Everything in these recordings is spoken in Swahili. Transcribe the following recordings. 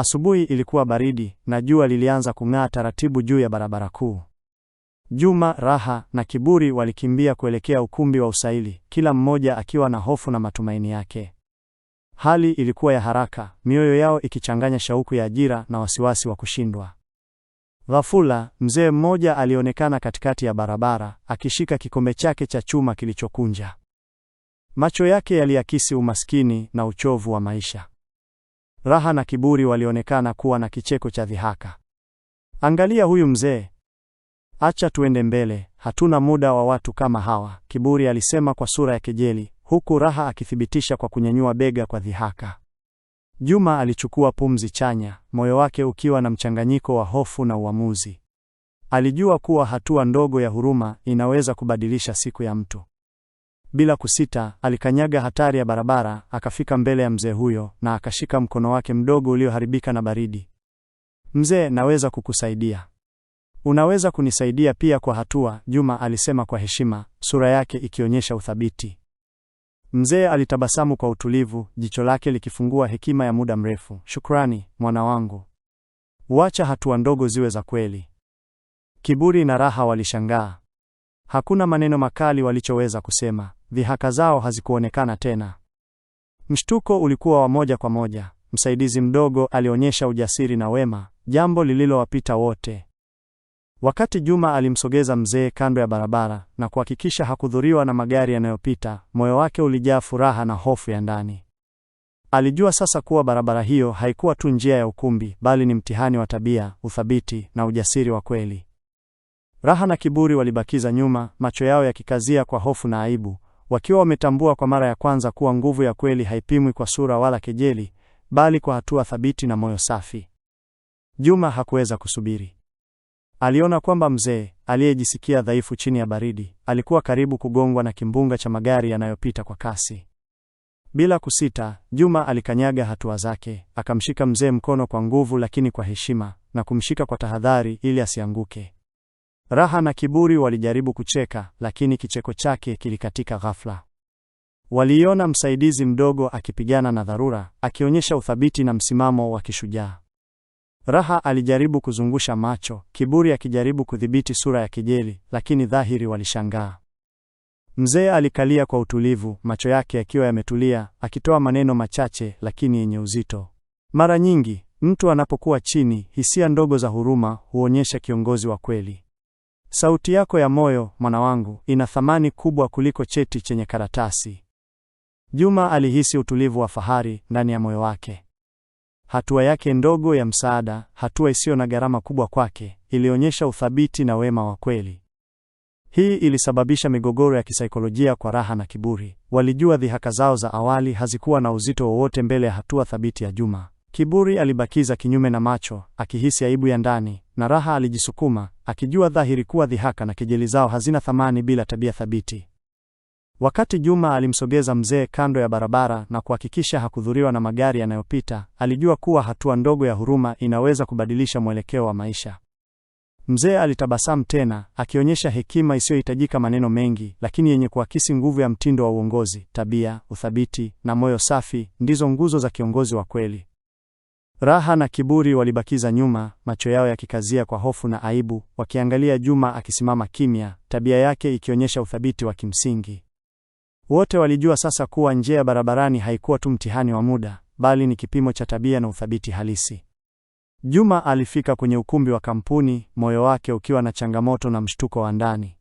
Asubuhi ilikuwa baridi na jua lilianza kung'aa taratibu juu ya barabara kuu. Juma, Raha na Kiburi walikimbia kuelekea ukumbi wa usaili, kila mmoja akiwa na hofu na matumaini yake. Hali ilikuwa ya haraka, mioyo yao ikichanganya shauku ya ajira na wasiwasi wa kushindwa. Ghafula, mzee mmoja alionekana katikati ya barabara, akishika kikombe chake cha chuma kilichokunja. Macho yake yaliakisi umaskini na uchovu wa maisha. Raha na kiburi walionekana kuwa na kicheko cha dhihaka. Angalia huyu mzee. Acha tuende mbele, hatuna muda wa watu kama hawa, Kiburi alisema kwa sura ya kejeli, huku Raha akithibitisha kwa kunyanyua bega kwa dhihaka. Juma alichukua pumzi chanya, moyo wake ukiwa na mchanganyiko wa hofu na uamuzi. Alijua kuwa hatua ndogo ya huruma inaweza kubadilisha siku ya mtu. Bila kusita, alikanyaga hatari ya barabara, akafika mbele ya mzee huyo na akashika mkono wake mdogo ulioharibika na baridi. Mzee, naweza kukusaidia. Unaweza kunisaidia pia kwa hatua, Juma alisema kwa heshima, sura yake ikionyesha uthabiti. Mzee alitabasamu kwa utulivu, jicho lake likifungua hekima ya muda mrefu. Shukrani, mwana wangu. Wacha hatua ndogo ziwe za kweli. Kiburi na Raha walishangaa. Hakuna maneno makali walichoweza kusema dhihaka zao hazikuonekana tena. Mshtuko ulikuwa wa moja kwa moja. Msaidizi mdogo alionyesha ujasiri na wema, jambo lililowapita wote. Wakati Juma alimsogeza mzee kando ya barabara na kuhakikisha hakudhuriwa na magari yanayopita, moyo wake ulijaa furaha na hofu ya ndani. Alijua sasa kuwa barabara hiyo haikuwa tu njia ya ukumbi, bali ni mtihani wa tabia, uthabiti na ujasiri wa kweli. Raha na kiburi walibakiza nyuma, macho yao yakikazia kwa hofu na aibu, wakiwa wametambua kwa mara ya kwanza kuwa nguvu ya kweli haipimwi kwa sura wala kejeli, bali kwa hatua thabiti na moyo safi. Juma hakuweza kusubiri. Aliona kwamba mzee aliyejisikia dhaifu chini ya baridi alikuwa karibu kugongwa na kimbunga cha magari yanayopita kwa kasi. Bila kusita, Juma alikanyaga hatua zake, akamshika mzee mkono kwa nguvu, lakini kwa heshima, na kumshika kwa tahadhari ili asianguke. Raha na kiburi walijaribu kucheka, lakini kicheko chake kilikatika ghafla. Waliona msaidizi mdogo akipigana na dharura, akionyesha uthabiti na msimamo wa kishujaa. Raha alijaribu kuzungusha macho, kiburi akijaribu kudhibiti sura ya kijeli, lakini dhahiri walishangaa. Mzee alikalia kwa utulivu, macho yake yakiwa yametulia, akitoa maneno machache lakini yenye uzito. Mara nyingi mtu anapokuwa chini, hisia ndogo za huruma huonyesha kiongozi wa kweli. Sauti yako ya moyo, mwana wangu, ina thamani kubwa kuliko cheti chenye karatasi. Juma alihisi utulivu wa fahari ndani ya moyo wake. Hatua yake ndogo ya msaada, hatua isiyo na gharama kubwa kwake, ilionyesha uthabiti na wema wa kweli. Hii ilisababisha migogoro ya kisaikolojia kwa Raha na Kiburi. Walijua dhihaka zao za awali hazikuwa na uzito wowote mbele ya hatua thabiti ya Juma. Kiburi alibakiza kinyume na macho, akihisi aibu ya ndani, na Raha alijisukuma, akijua dhahiri kuwa dhihaka na kejeli zao hazina thamani bila tabia thabiti. Wakati Juma alimsogeza mzee kando ya barabara na kuhakikisha hakudhuriwa na magari yanayopita, alijua kuwa hatua ndogo ya huruma inaweza kubadilisha mwelekeo wa maisha. Mzee alitabasamu tena, akionyesha hekima isiyohitajika maneno mengi, lakini yenye kuakisi nguvu ya mtindo wa uongozi. Tabia, uthabiti na moyo safi ndizo nguzo za kiongozi wa kweli. Raha na kiburi walibakiza nyuma, macho yao yakikazia kwa hofu na aibu, wakiangalia Juma akisimama kimya, tabia yake ikionyesha uthabiti wa kimsingi. Wote walijua sasa kuwa njia ya barabarani haikuwa tu mtihani wa muda, bali ni kipimo cha tabia na uthabiti halisi. Juma alifika kwenye ukumbi wa kampuni, moyo wake ukiwa na changamoto na mshtuko wa ndani.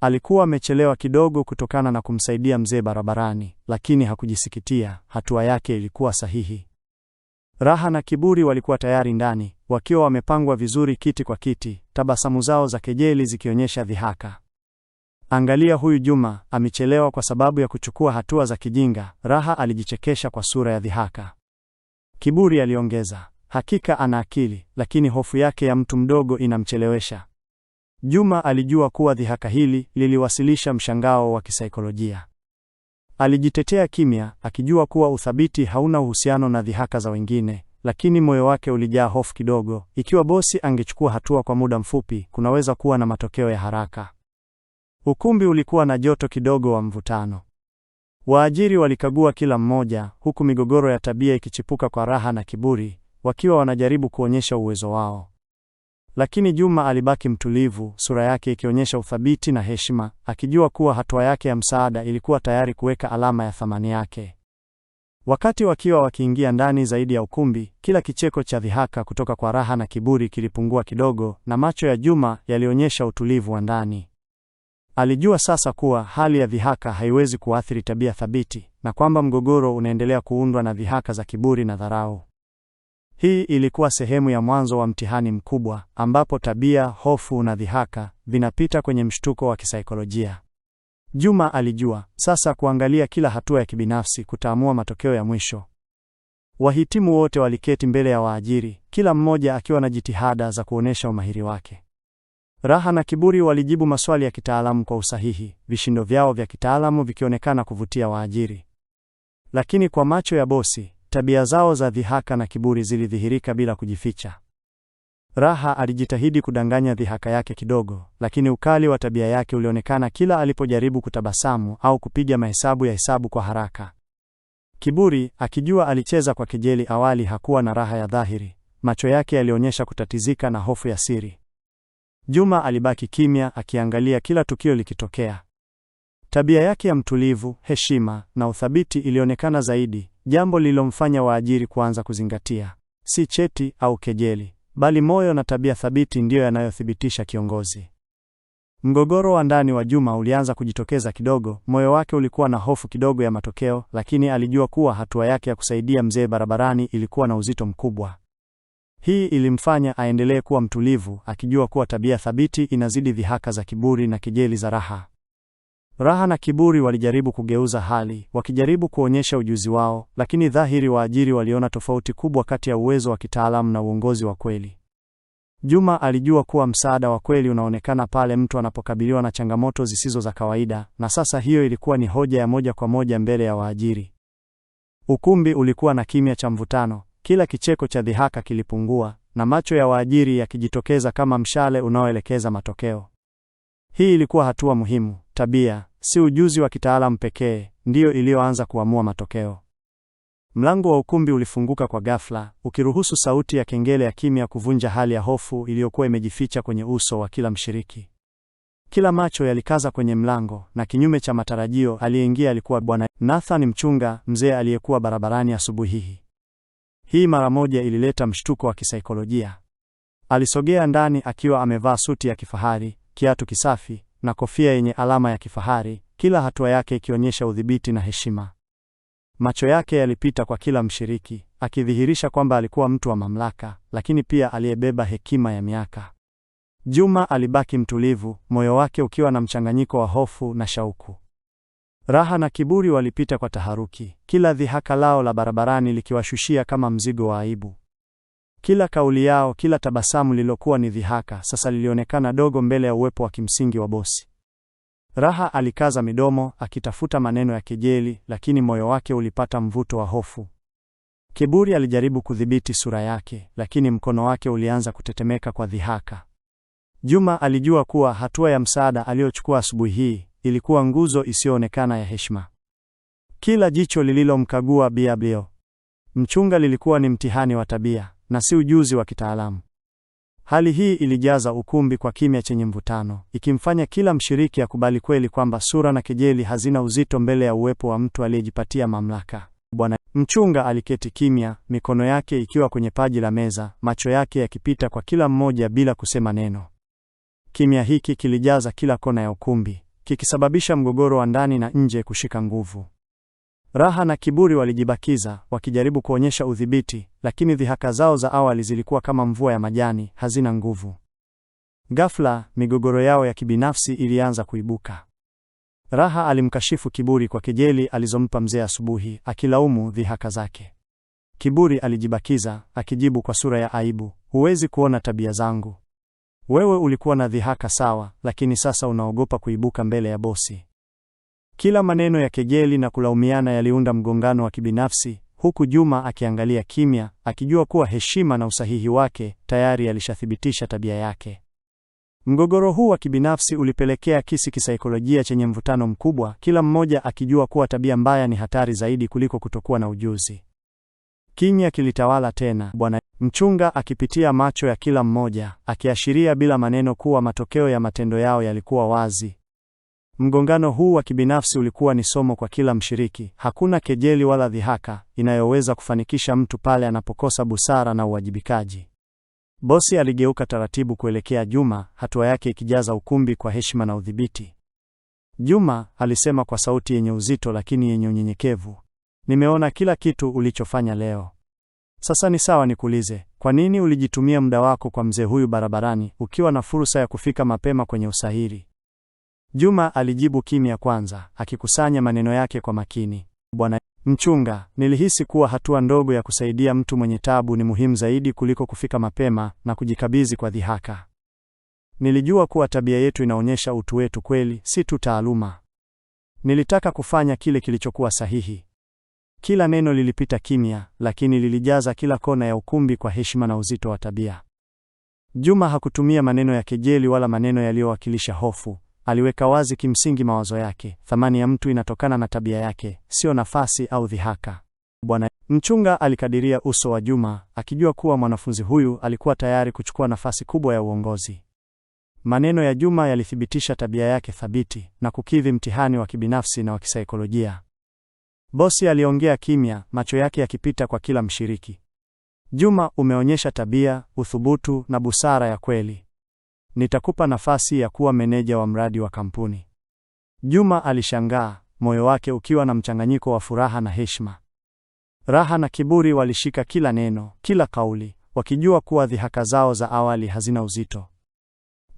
Alikuwa amechelewa kidogo kutokana na kumsaidia mzee barabarani, lakini hakujisikitia, hatua yake ilikuwa sahihi. Raha na kiburi walikuwa tayari ndani, wakiwa wamepangwa vizuri kiti kwa kiti, tabasamu zao za kejeli zikionyesha dhihaka. Angalia huyu Juma, amechelewa kwa sababu ya kuchukua hatua za kijinga, Raha alijichekesha kwa sura ya dhihaka. Kiburi aliongeza, hakika ana akili, lakini hofu yake ya mtu mdogo inamchelewesha. Juma alijua kuwa dhihaka hili liliwasilisha mshangao wa kisaikolojia. Alijitetea kimya, akijua kuwa uthabiti hauna uhusiano na dhihaka za wengine, lakini moyo wake ulijaa hofu kidogo. Ikiwa bosi angechukua hatua kwa muda mfupi, kunaweza kuwa na matokeo ya haraka. Ukumbi ulikuwa na joto kidogo wa mvutano. Waajiri walikagua kila mmoja, huku migogoro ya tabia ikichipuka kwa raha na kiburi, wakiwa wanajaribu kuonyesha uwezo wao. Lakini Juma alibaki mtulivu, sura yake ikionyesha uthabiti na heshima, akijua kuwa hatua yake ya msaada ilikuwa tayari kuweka alama ya thamani yake. Wakati wakiwa wakiingia ndani zaidi ya ukumbi, kila kicheko cha dhihaka kutoka kwa Raha na Kiburi kilipungua kidogo, na macho ya Juma yalionyesha utulivu wa ndani. Alijua sasa kuwa hali ya dhihaka haiwezi kuathiri tabia thabiti, na kwamba mgogoro unaendelea kuundwa na dhihaka za kiburi na dharau. Hii ilikuwa sehemu ya mwanzo wa mtihani mkubwa ambapo tabia, hofu na dhihaka vinapita kwenye mshtuko wa kisaikolojia. Juma alijua sasa kuangalia kila hatua ya kibinafsi kutaamua matokeo ya mwisho. Wahitimu wote waliketi mbele ya waajiri, kila mmoja akiwa na jitihada za kuonesha umahiri wake. Raha na kiburi walijibu maswali ya kitaalamu kwa usahihi, vishindo vyao vya kitaalamu vikionekana kuvutia waajiri. Lakini kwa macho ya bosi Tabia zao za dhihaka na kiburi zilidhihirika bila kujificha. Raha alijitahidi kudanganya dhihaka yake kidogo, lakini ukali wa tabia yake ulionekana kila alipojaribu kutabasamu au kupiga mahesabu ya hesabu kwa haraka. Kiburi, akijua alicheza kwa kejeli awali, hakuwa na raha ya dhahiri. Macho yake yalionyesha kutatizika na hofu ya siri. Juma alibaki kimya, akiangalia kila tukio likitokea. Tabia yake ya mtulivu, heshima na uthabiti ilionekana zaidi, jambo lililomfanya waajiri kuanza kuzingatia si cheti au kejeli, bali moyo na tabia thabiti ndiyo yanayothibitisha kiongozi. Mgogoro wa ndani wa Juma ulianza kujitokeza kidogo. Moyo wake ulikuwa na hofu kidogo ya matokeo, lakini alijua kuwa hatua yake ya kusaidia mzee barabarani ilikuwa na uzito mkubwa. Hii ilimfanya aendelee kuwa mtulivu, akijua kuwa tabia thabiti inazidi dhihaka za kiburi na kejeli za raha. Raha na kiburi walijaribu kugeuza hali, wakijaribu kuonyesha ujuzi wao, lakini dhahiri waajiri waliona tofauti kubwa kati ya uwezo wa kitaalamu na uongozi wa kweli. Juma alijua kuwa msaada wa kweli unaonekana pale mtu anapokabiliwa na changamoto zisizo za kawaida, na sasa hiyo ilikuwa ni hoja ya moja kwa moja mbele ya waajiri. Ukumbi ulikuwa na kimya cha mvutano, kila kicheko cha dhihaka kilipungua, na macho ya waajiri yakijitokeza kama mshale unaoelekeza matokeo. Hii ilikuwa hatua muhimu, tabia si ujuzi wa kitaalamu pekee ndiyo iliyoanza kuamua matokeo. Mlango wa ukumbi ulifunguka kwa ghafla, ukiruhusu sauti ya kengele ya kimya kuvunja hali ya hofu iliyokuwa imejificha kwenye uso wa kila mshiriki. Kila macho yalikaza kwenye mlango, na kinyume cha matarajio, aliyeingia alikuwa Bwana Nathan Mchunga, mzee aliyekuwa barabarani asubuhi hii. Hii mara moja ilileta mshtuko wa kisaikolojia. Alisogea ndani akiwa amevaa suti ya kifahari, kiatu kisafi na kofia yenye alama ya kifahari, kila hatua yake ikionyesha udhibiti na heshima. Macho yake yalipita kwa kila mshiriki, akidhihirisha kwamba alikuwa mtu wa mamlaka, lakini pia aliyebeba hekima ya miaka. Juma alibaki mtulivu, moyo wake ukiwa na mchanganyiko wa hofu na shauku. Raha na kiburi walipita kwa taharuki, kila dhihaka lao la barabarani likiwashushia kama mzigo wa aibu. Kila kauli yao, kila tabasamu lilokuwa ni dhihaka, sasa lilionekana dogo mbele ya uwepo wa kimsingi wa bosi. Raha alikaza midomo akitafuta maneno ya kejeli, lakini moyo wake ulipata mvuto wa hofu. Kiburi alijaribu kudhibiti sura yake, lakini mkono wake ulianza kutetemeka kwa dhihaka. Juma alijua kuwa hatua ya msaada aliyochukua asubuhi hii ilikuwa nguzo isiyoonekana ya heshima. Kila jicho lililomkagua Biablio mchunga lilikuwa ni mtihani wa tabia na si ujuzi wa kitaalamu. Hali hii ilijaza ukumbi kwa kimya chenye mvutano, ikimfanya kila mshiriki akubali kweli kwamba sura na kejeli hazina uzito mbele ya uwepo wa mtu aliyejipatia mamlaka. Bwana mchunga aliketi kimya, mikono yake ikiwa kwenye paji la meza, macho yake yakipita kwa kila mmoja bila kusema neno. Kimya hiki kilijaza kila kona ya ukumbi, kikisababisha mgogoro wa ndani na nje kushika nguvu. Raha na kiburi walijibakiza, wakijaribu kuonyesha udhibiti, lakini dhihaka zao za awali zilikuwa kama mvua ya majani, hazina nguvu. Ghafla, migogoro yao ya kibinafsi ilianza kuibuka. Raha alimkashifu Kiburi kwa kejeli alizompa mzee asubuhi, akilaumu dhihaka zake. Kiburi alijibakiza, akijibu kwa sura ya aibu, huwezi kuona tabia zangu. Wewe ulikuwa na dhihaka sawa, lakini sasa unaogopa kuibuka mbele ya bosi. Kila maneno ya kejeli na kulaumiana yaliunda mgongano wa kibinafsi, huku Juma akiangalia kimya, akijua kuwa heshima na usahihi wake tayari alishathibitisha tabia yake. Mgogoro huu wa kibinafsi ulipelekea kisi kisaikolojia chenye mvutano mkubwa, kila mmoja akijua kuwa tabia mbaya ni hatari zaidi kuliko kutokuwa na ujuzi. Kimya kilitawala tena bwana. Mchunga akipitia macho ya kila mmoja, akiashiria bila maneno kuwa matokeo ya matendo yao yalikuwa wazi, Mgongano huu wa kibinafsi ulikuwa ni somo kwa kila mshiriki. Hakuna kejeli wala dhihaka inayoweza kufanikisha mtu pale anapokosa busara na uwajibikaji. Bosi aligeuka taratibu kuelekea Juma, hatua yake ikijaza ukumbi kwa heshima na udhibiti. Juma alisema kwa sauti yenye uzito lakini yenye unyenyekevu, nimeona kila kitu ulichofanya leo. Sasa ni sawa nikuulize, kwa nini ulijitumia muda wako kwa mzee huyu barabarani ukiwa na fursa ya kufika mapema kwenye usahiri? Juma alijibu kimya kwanza, akikusanya maneno yake kwa makini. Bwana mchunga, nilihisi kuwa hatua ndogo ya kusaidia mtu mwenye tabu ni muhimu zaidi kuliko kufika mapema na kujikabidhi kwa dhihaka. Nilijua kuwa tabia yetu inaonyesha utu wetu kweli, si tu taaluma. Nilitaka kufanya kile kilichokuwa sahihi. Kila neno lilipita kimya, lakini lilijaza kila kona ya ukumbi kwa heshima na uzito wa tabia. Juma hakutumia maneno ya kejeli wala maneno yaliyowakilisha hofu aliweka wazi kimsingi mawazo yake: thamani ya mtu inatokana na tabia yake, sio nafasi au dhihaka. Bwana mchunga alikadiria uso wa Juma, akijua kuwa mwanafunzi huyu alikuwa tayari kuchukua nafasi kubwa ya uongozi. Maneno ya Juma yalithibitisha tabia yake thabiti na kukidhi mtihani wa kibinafsi na wa kisaikolojia. Bosi aliongea kimya, macho yake yakipita kwa kila mshiriki. Juma, umeonyesha tabia, uthubutu na busara ya kweli nitakupa nafasi ya kuwa meneja wa mradi wa kampuni. Juma alishangaa, moyo wake ukiwa na mchanganyiko wa furaha na heshima. Raha na kiburi walishika kila neno, kila kauli, wakijua kuwa dhihaka zao za awali hazina uzito.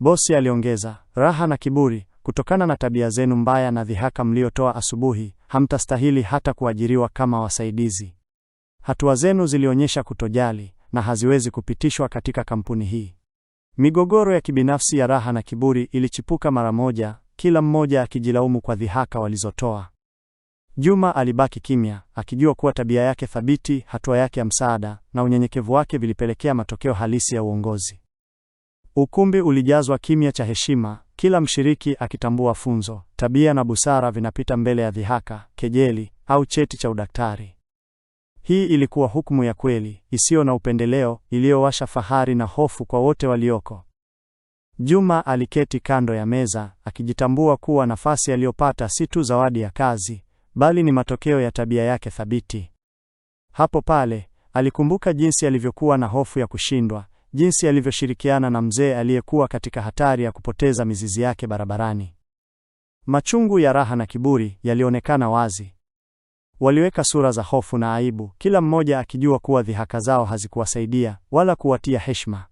Bosi aliongeza, raha na kiburi, kutokana na tabia zenu mbaya na dhihaka mliotoa asubuhi, hamtastahili hata kuajiriwa kama wasaidizi. Hatua zenu zilionyesha kutojali na haziwezi kupitishwa katika kampuni hii. Migogoro ya kibinafsi ya Raha na Kiburi ilichipuka mara moja, kila mmoja akijilaumu kwa dhihaka walizotoa. Juma alibaki kimya, akijua kuwa tabia yake thabiti, hatua yake ya msaada na unyenyekevu wake vilipelekea matokeo halisi ya uongozi. Ukumbi ulijazwa kimya cha heshima, kila mshiriki akitambua funzo, tabia na busara vinapita mbele ya dhihaka, kejeli au cheti cha udaktari. Hii ilikuwa hukumu ya kweli isiyo na upendeleo, iliyowasha fahari na hofu kwa wote walioko. Juma aliketi kando ya meza akijitambua kuwa nafasi aliyopata si tu zawadi ya kazi, bali ni matokeo ya tabia yake thabiti. Hapo pale alikumbuka jinsi alivyokuwa na hofu ya kushindwa, jinsi alivyoshirikiana na mzee aliyekuwa katika hatari ya kupoteza mizizi yake barabarani. Machungu ya raha na kiburi yalionekana wazi. Waliweka sura za hofu na aibu, kila mmoja akijua kuwa dhihaka zao hazikuwasaidia wala kuwatia heshima.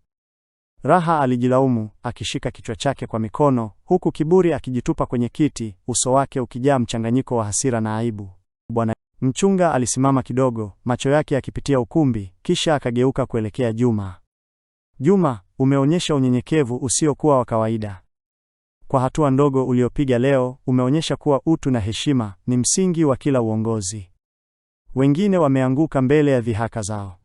Raha alijilaumu akishika kichwa chake kwa mikono, huku Kiburi akijitupa kwenye kiti, uso wake ukijaa mchanganyiko wa hasira na aibu. Bwana Mchunga alisimama kidogo, macho yake akipitia ukumbi, kisha akageuka kuelekea Juma. Juma, umeonyesha unyenyekevu usiokuwa wa kawaida. Kwa hatua ndogo uliopiga leo, umeonyesha kuwa utu na heshima ni msingi wa kila uongozi. Wengine wameanguka mbele ya dhihaka zao.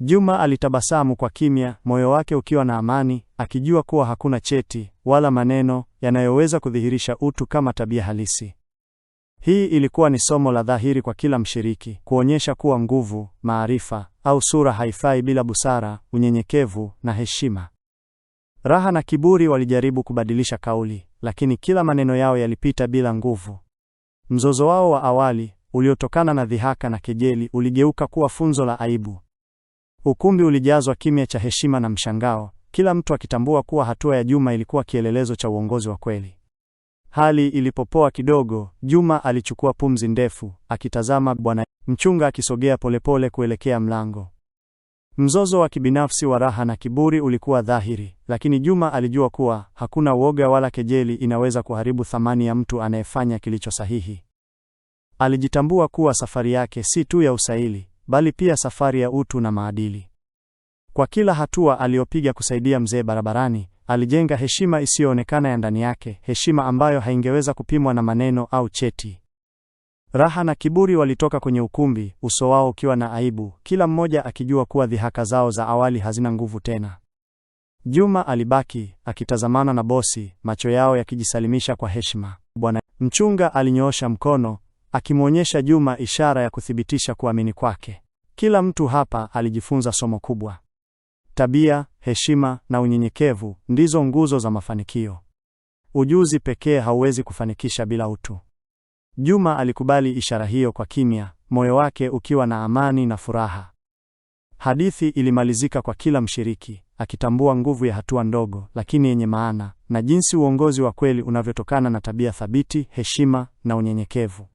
Juma alitabasamu kwa kimya, moyo wake ukiwa na amani, akijua kuwa hakuna cheti wala maneno yanayoweza kudhihirisha utu kama tabia halisi. Hii ilikuwa ni somo la dhahiri kwa kila mshiriki, kuonyesha kuwa nguvu, maarifa au sura haifai bila busara, unyenyekevu na heshima. Raha na kiburi walijaribu kubadilisha kauli, lakini kila maneno yao yalipita bila nguvu. Mzozo wao wa awali uliotokana na dhihaka na kejeli uligeuka kuwa funzo la aibu. Ukumbi ulijazwa kimya cha heshima na mshangao, kila mtu akitambua kuwa hatua ya Juma ilikuwa kielelezo cha uongozi wa kweli. Hali ilipopoa kidogo, Juma alichukua pumzi ndefu, akitazama bwana mchunga akisogea polepole kuelekea mlango. Mzozo wa kibinafsi wa Raha na kiburi ulikuwa dhahiri, lakini Juma alijua kuwa hakuna woga wala kejeli inaweza kuharibu thamani ya mtu anayefanya kilicho sahihi. Alijitambua kuwa safari yake si tu ya usaili, bali pia safari ya utu na maadili. Kwa kila hatua aliyopiga kusaidia mzee barabarani, alijenga heshima isiyoonekana ya ndani yake, heshima ambayo haingeweza kupimwa na maneno au cheti. Raha na kiburi walitoka kwenye ukumbi, uso wao ukiwa na aibu, kila mmoja akijua kuwa dhihaka zao za awali hazina nguvu tena. Juma alibaki akitazamana na bosi, macho yao yakijisalimisha kwa heshima. Bwana mchunga alinyoosha mkono akimwonyesha Juma ishara ya kuthibitisha kuamini kwake. Kila mtu hapa alijifunza somo kubwa. Tabia, heshima na unyenyekevu ndizo nguzo za mafanikio. Ujuzi pekee hauwezi kufanikisha bila utu. Juma alikubali ishara hiyo kwa kimya, moyo wake ukiwa na amani na furaha. Hadithi ilimalizika kwa kila mshiriki akitambua nguvu ya hatua ndogo lakini yenye maana na jinsi uongozi wa kweli unavyotokana na tabia thabiti, heshima na unyenyekevu.